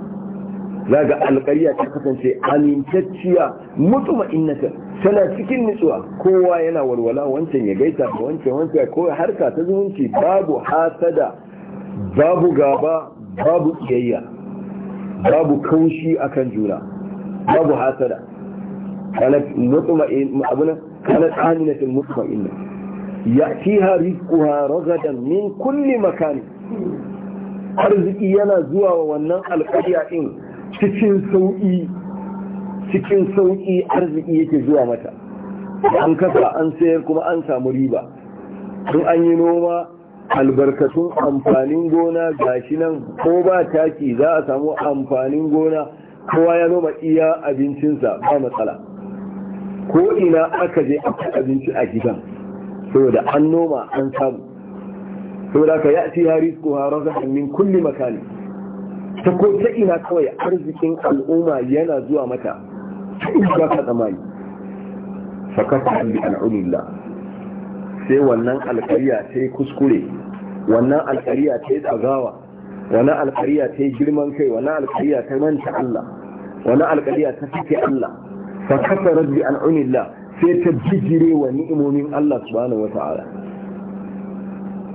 za ga ta kasance amintacciya mutuma innaka tana cikin nutsuwa kowa yana walwala wancan ya gaita da wancan wancan ko harka ta zumunci babu hasada babu gaba babu kiyayya babu kaushi akan juna babu hasada kana mutuma abuna kanat aminatan mutuma inna ya'tiha rizquha ragadan min kulli makan arziki yana zuwa wa wannan alƙariya din cikin sauƙi cikin sauƙi arziki yake zuwa mata an kasa an sayar kuma an samu riba in an yi noma albarkatun amfanin gona gashi nan ko ba taki za a samu amfanin gona kowa ya noma iya abincinsa ba matsala ko ina aka je aka abinci a gidan saboda an noma an samu saboda ka ya ci haris ko harazan min kulli makani ta ko ta ina kawai arzikin al'umma yana zuwa mata ta in ba ka tsamani fakata bi al'ulillah sai wannan alkariya ta yi kuskure wannan alkariya ta yi tsagawa wannan alkariya ta yi girman kai wannan alkariya ta manta Allah wannan alkariya ta fike Allah fakata rabbi al'ulillah sai ta jijire wa ni'imomin Allah subhanahu wa ta'ala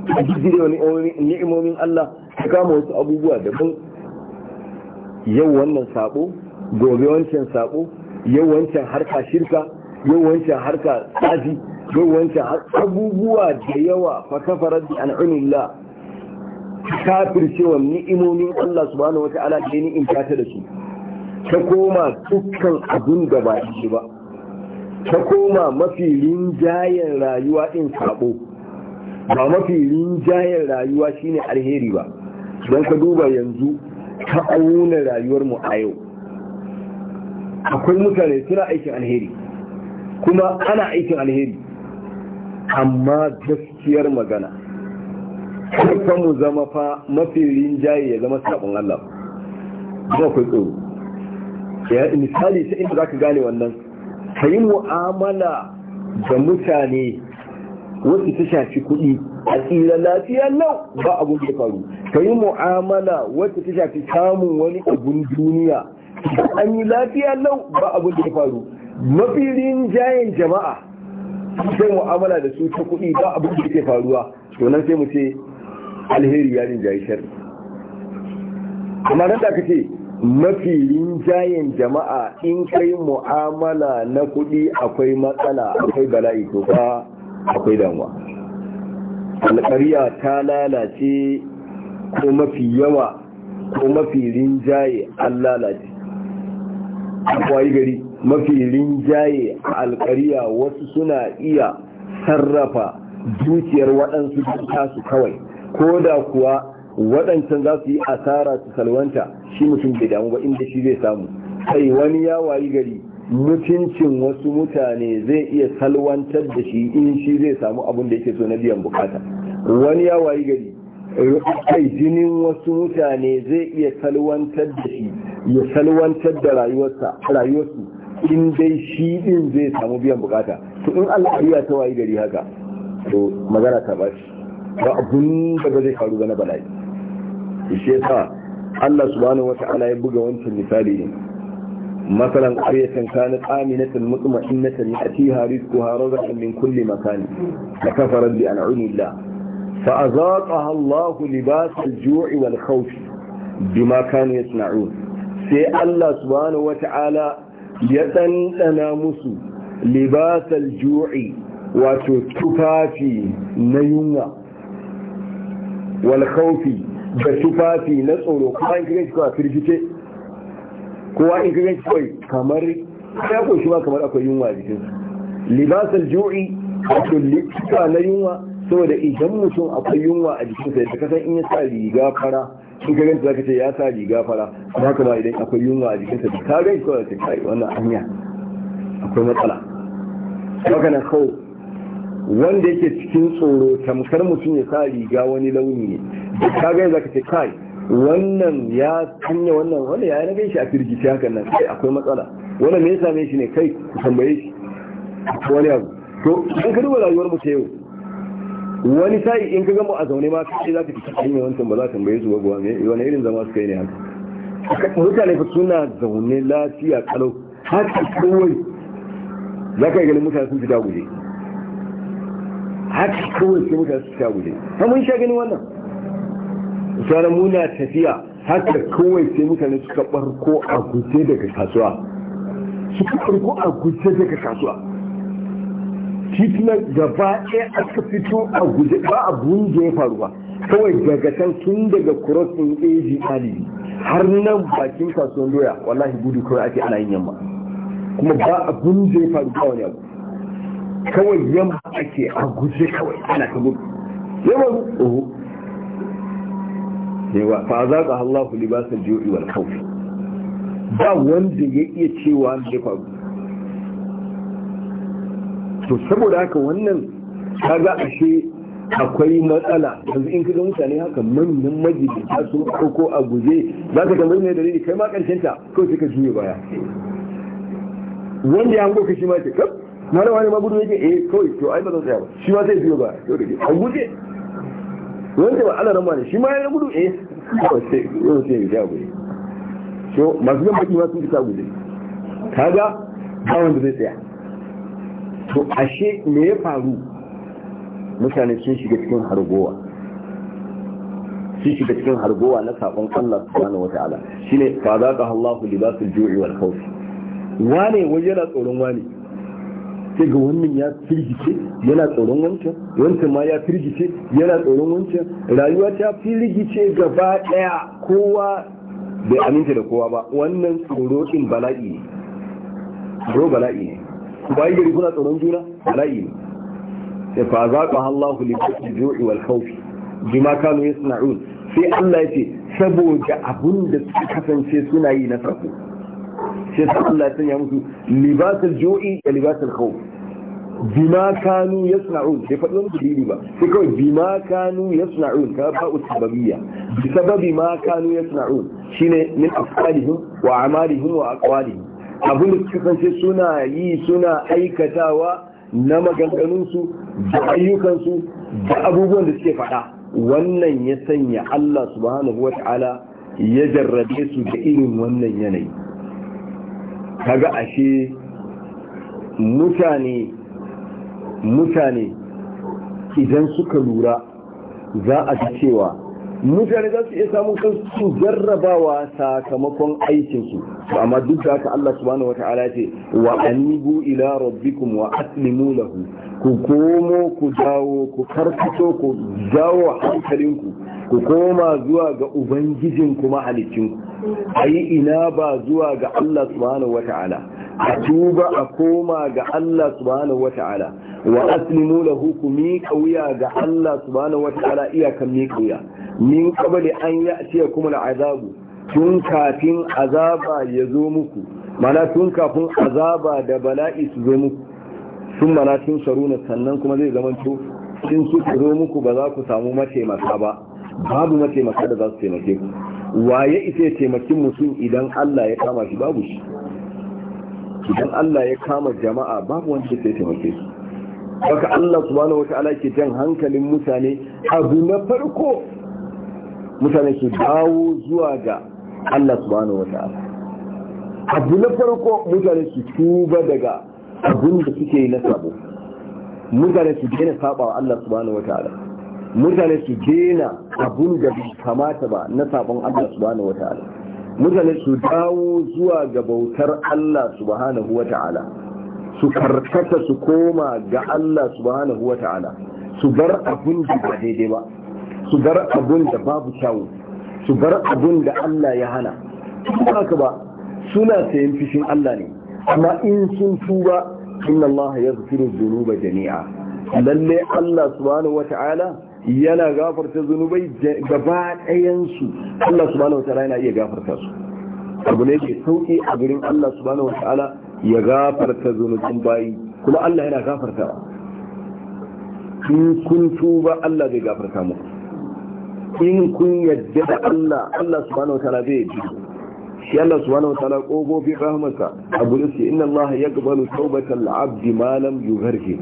ta jijire wa ni'imomin Allah ta kama wasu abubuwa daban yau wannan sabo gobe wancan sabo yau wancan harka shirka yau wancan harka tsafi yau wancan abubuwa da yawa fa kafarar bi an'amillah cewa ni'imomin Allah subhanahu wa ta'ala da ni da su ta koma dukkan abin da ba shi ba ta koma mafi rinjayen rayuwa din sabo ba mafi rinjayen rayuwa shine alheri ba don ka duba yanzu ta auna rayuwarmu a yau akwai mutane suna aikin alheri kuma ana aikin alheri amma gaskiyar magana kuka mu zama fa mafi rinjaye ya zama sabon Allah ba kai tsoro ya misali sai inda zaka gane wannan kai yi mu'amala da mutane wasu su shafi kuɗi a tsira lafiya nau ba abun da faru ka yi mu'amala wacce ta shafi samun wani abun duniya an yi lafiya lau ba abun da ya faru mafirin jayen jama'a sai mu'amala da su ta kuɗi ba abun da ke faruwa to sai mu ce alheri ya jayi shari amma da aka ce mafi rinjayen jama'a in kai mu'amala na kuɗi akwai matsala akwai bala'i to ba akwai damuwa alƙariya ta lalace ko mafi yawa ko mafi rinjaye an lalace akwai gari mafi rinjaye a alkariya wasu suna iya sarrafa dukiyar waɗansu tasu kawai ko da kuwa waɗancan za su yi asara su salwanta shi mutum bai damu ba inda shi zai samu Sai wani ya wayi gari mutuncin wasu mutane zai iya salwantar da shi in shi zai samu abin da yake so na biyan bukata wani ya wayi gari kai jinin wasu mutane zai iya salwantar da shi ya salwantar da rayuwarsa rayuwarsu in dai shi din zai samu biyan bukata to in Allah ya ta wayi gari haka to magana ta bashi ba abun da ba zai faru ga na bala'i shi yasa Allah subhanahu wata'ala ya buga wancan misali ne Masalan مثلا قرية كانت آمنة مطمئنة يأتيها رزقها رغدا من كل مكان فكفرت بأنعم الله فأذاقها الله لباس الجوع والخوف بما كانوا يصنعون سي الله سبحانه وتعالى يتنتنا مسو لباس الجوع وتتفافي نيونا والخوف بتفافي نصر كما إنك جنش كوا فرجته كوا إنك جنش كوا كمر كما أكو شما كمر أكو يوما لباس الجوع وتتفافي نيونا saboda idan mutum akwai yunwa a jikinsa da kasan in ya sa riga fara in ka ganta zaka ce ya sa riga fara Za haka ba idan akwai yunwa a jikinsa da ta gani kawai ta kai wannan hanya akwai matsala haka na kawo wanda yake cikin tsoro tamkar mutum ya sa riga wani launi ne da ka gani zaka ce kai wannan ya tanya wannan wanda ya na gan shi a firgici hakan nan kai akwai matsala wannan me ya same shi ne kai ku tambaye shi wani abu to in ka duba rayuwar mu ta yau wani sa'i in ka gama a zaune ma kai za ka fi cikin mai wancan ba za ka bayyana zuwa ba me wani irin zama suka yi ne haka mutane fa suna zaune lafiya kalau haka kawai za ka yi ganin mutane sun fita guje haka kawai sai mutane sun fita guje ta mun sha gani wannan misalin muna tafiya haka kawai sai mutane suka barko a guje daga kasuwa suka barko a guje daga kasuwa shi da gaba ɗaya aka fito a guje ba abun da ya faru ba kawai daga can tun daga crossing aji alibi har nan bakin kasuwan doya wallahi gudu kawai ake ana yin yamma kuma ba abun da ya faru ba wani abu kawai yamma ake a guje kawai ana ta gudu yamma oho yawa fa za ka Allahu libasan ju'i wal kawai ba wanda ya iya cewa me faru to saboda haka wannan kaga ashe akwai matsala yanzu in kaga mutane haka manyan ta sun ko a guje za ka tambayi ne dalili kai ma ƙarshen ta kawai sai ka juye baya wanda ya hango ka shi ma ce kaf mara wani ma gudu yake eh kawai to ai ba zan tsaya ba shi ma sai juye baya To da ke a guje wanda ba ala rama ne shi ma ya gudu eh kawai sai sai ya guje so masu yan baki ma sun fita guje kaga ba wanda zai tsaya to ashe me ya faru mutane sun shiga cikin hargowa sun shiga cikin hargowa na sakon Allah subhanahu wata'ala shine fa ka Allahu libasul ju'i wal khawf wane waje da tsoron wane sai ga wannan ya firgice yana tsoron wancan wancan ma ya firgice yana tsoron wancan rayuwa ta firgice gaba daya kowa bai aminta da kowa ba wannan tsoro din bala'i ne tsoro bala'i ne ku bayi gari kuna tsoron juna bala'i ne sai fa zaqa Allahu li ju'i wal khawf bima kanu yasna'un sai Allah ya ce saboda abun da suka kasance suna yi na farko sai sa Allah ya sanya musu libasul ju'i da libasul khawf bima kanu yasna'un sai faɗi wani dalili ba sai kawai bima kanu yasna'un ka ba usbabiyya bi sababi ma kanu yasna'un shine min afalihim wa amalihim wa aqwalihim abin da kasance suna yi suna aikatawa na maganganunsu da ayyukansu da abubuwan da suke faɗa wannan ya sanya Allah subhanahu wa ta'ala ya jarrabe su da irin wannan yanayi kaga ashe mutane mutane idan suka lura za a ji cewa mutane za su iya samun kansu jarrabawa sakamakon aikinsu amma duk da haka Allah subhanahu wataala ce wa anibu ila rabbikum wa aslimu lahu ku komo ku dawo ku karkato ku dawo hankalinku ku koma zuwa ga kuma mahalicinku a yi ina ba zuwa ga Allah subhanahu wa ta'ala a tuba a koma ga Allah subhanahu wa ta'ala wa aslimu lahu ku ga Allah subhanahu wa ta'ala iyakan kan wuya min qabli an ya'tiya kuma azabu tun kafin azaba ya zo muku mana tun kafin azaba da bala'i su zo muku sun mana tun saruna sannan kuma zai zama to sun su kuro muku ba za ku samu mataimaka ba babu mataimaka da za su taimake ku waye ita ya taimaki mutum idan Allah ya kama shi babu shi idan Allah ya kama jama'a babu wanda zai taimake su haka Allah subhanahu wata'ala ke jan hankalin mutane abu na farko mutane su dawo zuwa ga Allah subhanahu wata'ala abu na farko mutane su tuba daga abin da suke yi na sabo mutane su daina saba wa Allah subhanahu ta'ala mutane su daina abin da bai kamata ba na sabon Allah subhanahu ta'ala mutane su dawo zuwa ga bautar Allah subhanahu ta'ala su karkata su koma ga Allah subhanahu ta'ala su bar abin da ba daidai ba su bar abin da babu kyawu su bar abin da Allah ya hana ba ba suna sayan fishin Allah ne amma in sun tuba inna Allah ya zufiru zunuba jami'a lalle Allah subhanahu ta'ala yana gafarta zunubai gaba ɗayansu Allah subhanahu ta'ala yana iya gafarta su abu ne ke sauƙi a gurin Allah subhanahu ta'ala ya gafarta zunubin bayi kuma Allah yana gafarta in kun tuba Allah zai gafarta muku in kun yadda da Allah Allah subhanahu wata'ala zai yi shi Allah subhanahu wataala kofofin rahmarsa a gurin su inna Allah yaqbalu tawbatal abdi malam lam yugharghi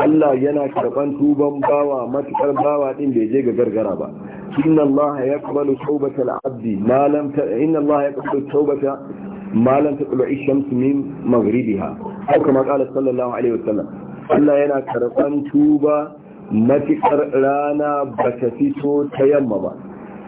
Allah yana karban tuban bawa matukar bawa din bai je ga gargara ba inna Allah yaqbalu tawbatal abdi malam lam inna Allah ya tawbata ma malam ta ash-shams min maghribiha ko kama qala sallallahu alaihi wasallam Allah yana karban tuba matukar rana ba ta fito ta yamma ba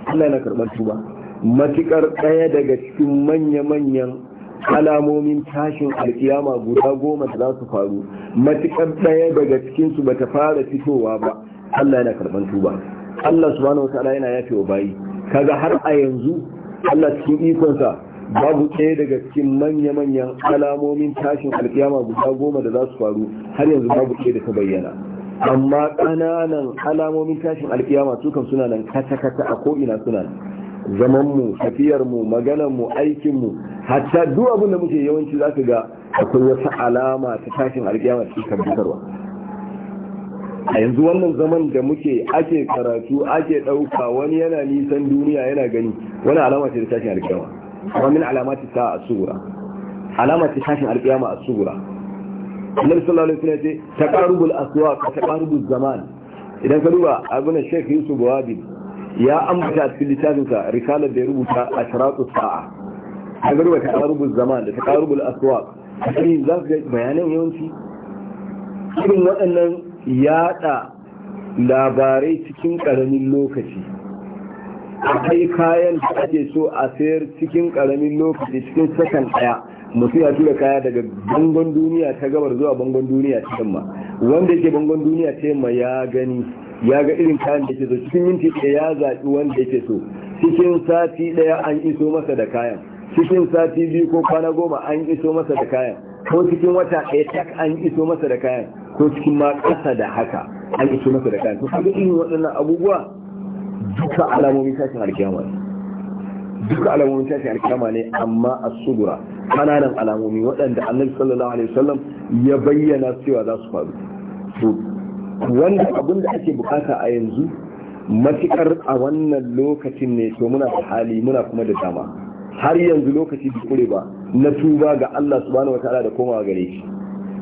Allah yana karban tuba matuƙar ɗaya daga cikin manya-manyan alamomin tashin alkiyama guda goma da za su faru matukar ɗaya daga cikinsu ba ta fara fitowa ba Allah yana karɓar tuba Allah subhanahu wataala yana yafe wa bayi kaga har a yanzu Allah cikin ikonsa babu ɗaya daga cikin manya-manyan alamomin tashin alkiyama guda goma da za su faru har yanzu babu ɗaya da ta bayyana amma ƙananan alamomin tashin alkiyama su suna nan kata-kata a ko'ina suna zaman mu tafiyar mu mu aikin mu hatta duk abin da muke yawanci zaka ga akwai wata alama ta tashin alƙiyama cikin tabbatarwa a yanzu wannan zaman da muke ake karatu ake ɗauka wani yana nisan duniya yana gani wani alama ce ta tashin alƙiyama amma min alamati ta a sura alama ce tashin alƙiyama a sura annabi sallallahu alaihi wasallam ya ce taqarubul aswaq taqarubuz zaman idan ka duba abuna Sheikh Yusuf Wahabi ya ambata a cikin littafinsa risalar da ya rubuta a sharatu sa'a a garba ta karubul zaman da ta karubul aswa a cikin za su ga bayanan yawanci irin waɗannan yaɗa labarai cikin ƙaramin lokaci akwai kayan da ake so a sayar cikin ƙaramin lokaci cikin sakan ɗaya mutum ya tura kaya daga bangon duniya ta gabar zuwa bangon duniya ta yamma wanda yake bangon duniya ta yamma ya gani ya ga irin kayan da ke so cikin minti ɗaya ya zaɓi wanda yake so cikin sati ɗaya an iso masa da kayan cikin sati biyu ko kwana goma an iso masa da kayan ko cikin wata ɗaya tak an iso masa da kayan ko cikin ma ƙasa da haka an iso masa da kayan to kaga irin waɗannan abubuwa duka alamomin tashin alkiyama ne duka alamomin tashin alkiyama ne amma a sugura ƙananan alamomi waɗanda annabi sallallahu alaihi wasallam ya bayyana cewa za su faru wanda abin da ake bukata a yanzu matukar a wannan lokacin ne to muna da hali muna kuma da dama har yanzu lokaci bai kure ba na tuba ga Allah subhanahu ta'ala da komawa gare shi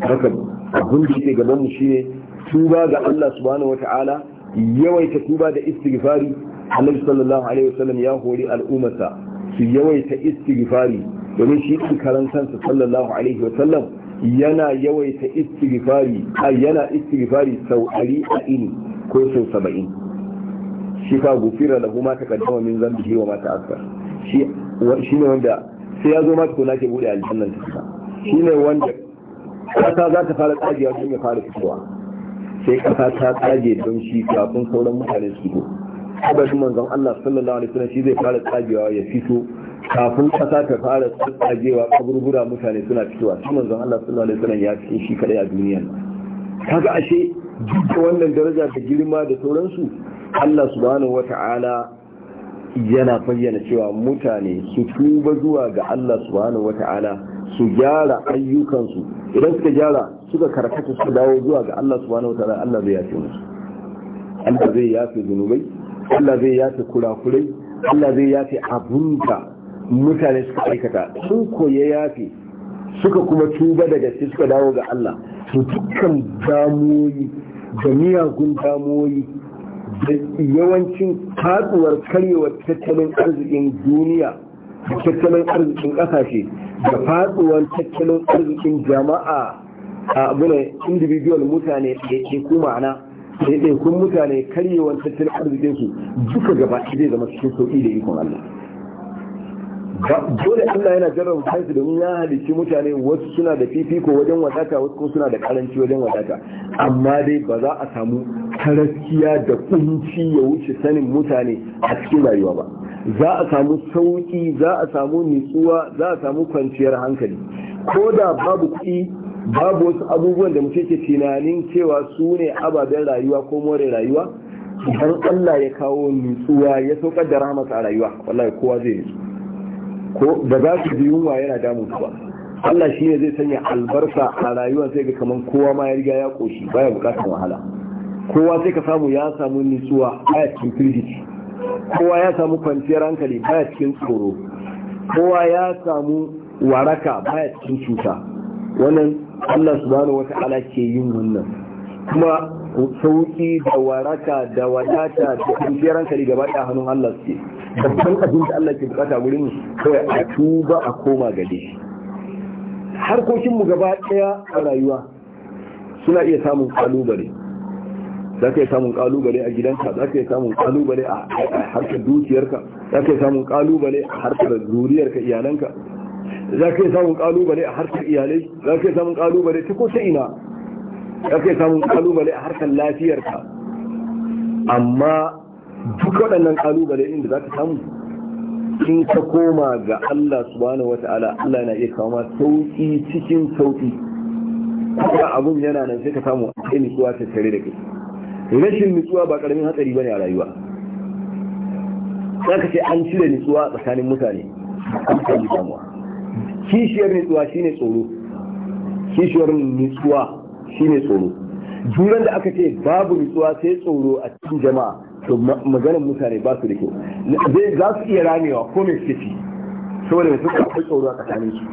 haka abin da yake gaban mu shine tuba ga Allah subhanahu wataala yawaita tuba da istighfari Annabi sallallahu alaihi wasallam ya hori al'ummata su yawaita istighfari domin shi din karan sallallahu alaihi wasallam yana yawaita istighfari yana istighfari sau ari a ini ko sau saba'in shi fa gufira kuma ta kaddama min zambihi wa mata ta'akhkhar shi shi ne wanda sai ya zo ma tukuna ke bude aljannan ta shi ne wanda kasa za ta fara tsagewa don ya fara fitowa sai kasa ta tsage don shi kafin sauran mutane su fito abin manzon Allah sallallahu alaihi wasallam shi zai fara tsagewa ya fito kafin kasa ta fara tsagewa kaburbura mutane suna fitowa shi manzon Allah sallallahu alaihi wasallam ya fi shi kadai a duniya kaga ashe duk wannan daraja da girma da sauransu Allah subhanahu wata'ala yana bayyana cewa mutane su tuba zuwa ga Allah subhanahu wata'ala su gyara ayyukansu idan suka gyara suka karkata su dawo zuwa ga Allah subhanahu wata'ala Allah zai yafe musu Allah zai yafe zunubai Allah zai yafe kurakurai Allah zai yafe abunka mutane suka aikata sun koya yafi suka kuma tuba daga shi suka dawo ga Allah to dukkan damoyi da miyagun damoyi da yawancin faduwar karyewar tattalin arzikin duniya da tattalin arzikin kasashe da faduwar tattalin arzikin jama'a a abinan individual mutane da kuma ana ɗaiɗaikun mutane karyewar tattalin arzikinsu duka gaba zai zama cikin sauƙi da ikon Allah dole Allah yana jarraba da domin ya halicci mutane wasu suna da fifiko wajen wadata wasu kuma suna da karanci wajen wadata amma dai ba za a samu karaskiya da kunci ya wuce sanin mutane a cikin rayuwa ba za a samu sauki za a samu nutsuwa za a samu kwanciyar hankali ko da babu kuɗi babu wasu abubuwan da muke ke tunanin cewa su ne ababen rayuwa ko more rayuwa idan Allah ya kawo nutsuwa ya saukar da rahama a rayuwa wallahi kowa zai nutsu ko da za su ji yunwa yana damun su ba Allah shi ne zai sanya albarka a rayuwa sai ga kamar kowa ma ya riga ya koshi baya bukatar wahala kowa sai ka samu ya samu nutsuwa baya cikin firgici kowa ya samu kwanciyar hankali baya cikin tsoro kowa ya samu waraka baya cikin cuta wannan Allah subhanahu wata'ala ke yin wannan kuma sauki da waraka da wadata da kwanciyar hankali gaba ɗaya hannun Allah ke. babban abin da Allah ke bukata wurin kawai a tuba a koma gade harkokin mu gaba ɗaya a rayuwa suna iya samun kalubale za ka iya samun kalubale a gidanka za ka iya samun kalubale a harkar dukiyarka za ka iya samun kalubale a harkar zuriyarka iyalanka za ka iya samun kalubale a harkar iyalai za ka iya samun kalubale ta ko ta ina za ka samun kalubale a harkar ka, amma duk waɗannan kalubale inda za ka samu in ka koma ga Allah subhanahu ta'ala Allah na iya kama sauƙi cikin sauƙi kuma abun yana nan sai ka samu akwai nutsuwa ta tare da kai rashin nutsuwa ba karamin hatsari bane a rayuwa za ka ce an cire nutsuwa tsakanin mutane an kalli damuwa kishiyar nutsuwa shine tsoro kishiyar nutsuwa shine tsoro juran da aka ce babu nutsuwa sai tsoro a cikin jama'a to maganar mutane ba su da kyau zai za su iya ramewa ko mai fiti saboda mai suka akwai tsoro a tsakanin su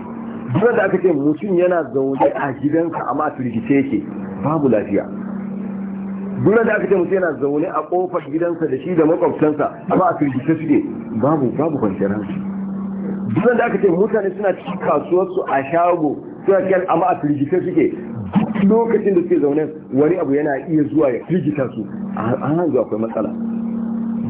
juran da aka ce mutum yana zaune a gidansa amma a firgice yake babu lafiya juran da aka ce mutum yana zaune a kofar gidansa da shi da makwabtansa amma a su suke babu babu kwanciyar hankali juran da aka ce mutane suna cikin kasuwarsu a shago suna kyan amma a firgice suke lokacin da suke zaune wani abu yana iya zuwa ya firgita su a hanzu akwai matsala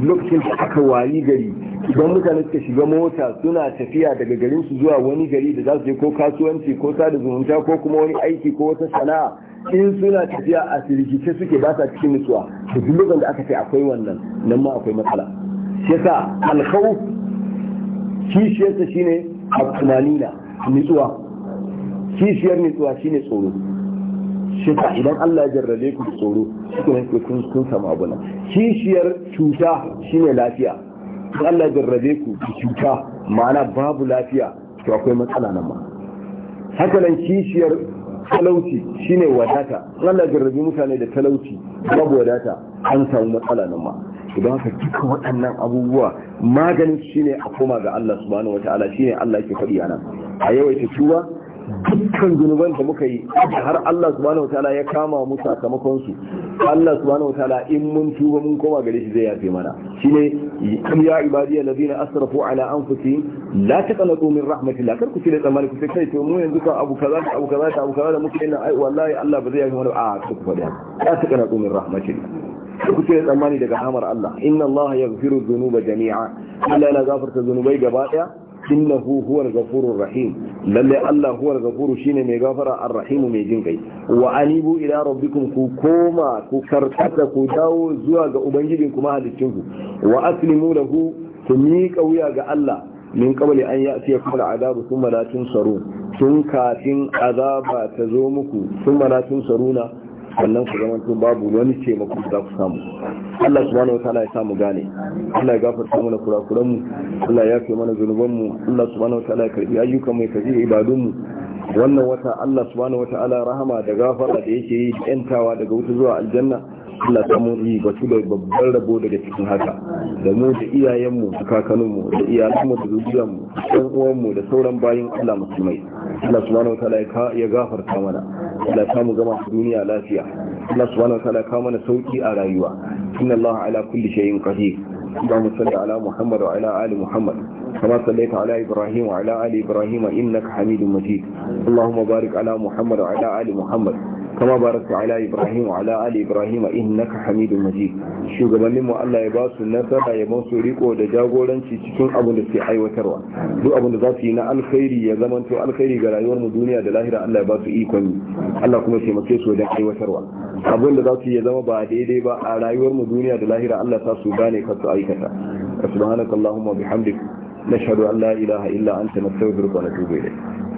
lokacin da aka wari gari idan mutane suka shiga mota suna tafiya daga garin su zuwa wani gari da za su je ko kasuwanci ko sada zumunta ko kuma wani aiki ko wata sana'a in suna tafiya a firgice suke ba sa cikin nutsuwa da duk lokacin da aka ce akwai wannan nan ma akwai matsala shi yasa alkhawf kishiyarsa shine a tunanina nutsuwa kishiyar nutsuwa shine tsoro shi ka idan Allah ya jarrabe ku da tsoro shi ne kun kun samu abu nan kishiyar cuta shine lafiya in Allah ya jarrabe ku da cuta ma'ana babu lafiya to akwai matsala nan ma haka nan kishiyar talauci shine wadata in Allah ya jarrabe mutane da talauci babu wadata an samu matsala nan ma idan ka duka waɗannan abubuwa maganin shine a koma ga Allah subhanahu wataala ne Allah yake faɗi a a yawaita tuba dukkan zunuban da muka yi har Allah subhanahu wataala ya kama mu sakamakon su Allah subhanahu wataala in mun tuba mun koma gare shi zai yafe mana shine ya ibadi alladhina asrafu ala anfusihim la taqnatu min rahmatillah kar ku ci da tsammani ku kai to mu yanzu kan abu kaza abu kaza abu kaza da muke yin ai wallahi Allah ba zai yafe mana a ku faɗi la taqnatu min rahmatillah ku ce tsammani daga hamar Allah inna Allah yaghfiru dhunuba jami'a Allah yana gafarta zunubai gaba daya innahu huwal ghafurur rahim lalle Allah huwal ghafuru shine mai gafara arrahimu mai jin kai wa anibu ila rabbikum ku koma ku karkata ku dawo zuwa ga ubangijin kuma halittinku wa aslimu lahu ku miƙa wuya ga Allah min qabli an ya'tiya kuma al'adabu thumma la tunsarun tun kafin azaba ta zo muku thumma la tunsaruna sannan ku zama tun babu wani ce maku za ku samu Allah wata wataala ya samu gane Allah ya gafarta mana kurakuranmu mu Allah ya fi mana zunuban mu Allah wata wataala ya karbi ayyukan mai kaji ibadun mu wannan wata Allah wata ala rahama da gafara da yake yi yantawa daga wuta zuwa aljanna Allah ta mun yi batu da babban rabo daga cikin haka da mu da iyayenmu da kakanninmu da iyalanmu da zuriyarmu da uwanmu da sauran bayin Allah musulmai Allah subhanahu wataala ya gafarta mana Allah ta mu gama duniya lafiya Allah subhanahu wataala ka mana sauki a rayuwa inna Allah ala kulli shay'in qadir اللهم صل على محمد وعلى آل محمد كما صليت على إبراهيم وعلى آل إبراهيم إنك حميد مجيد اللهم بارك على محمد وعلى آل محمد kama barakta ala ibrahim wa ala ali ibrahim innaka hamidun majid shugabannin mu Allah ya ba su nasara ya ba riko da jagoranci cikin abin da suke aiwatarwa duk abin da za su yi na alkhairi ya to alkhairi ga rayuwar mu duniya da lahira Allah ya ba su ikon Allah kuma taimake su wajen aiwatarwa abin da za su yi ya zama ba daidai ba a rayuwar mu duniya da lahira Allah ya sa su gane ka su aikata subhanakallahumma bihamdik nashhadu an la ilaha illa anta nastaghfiruka wa natubu ilayk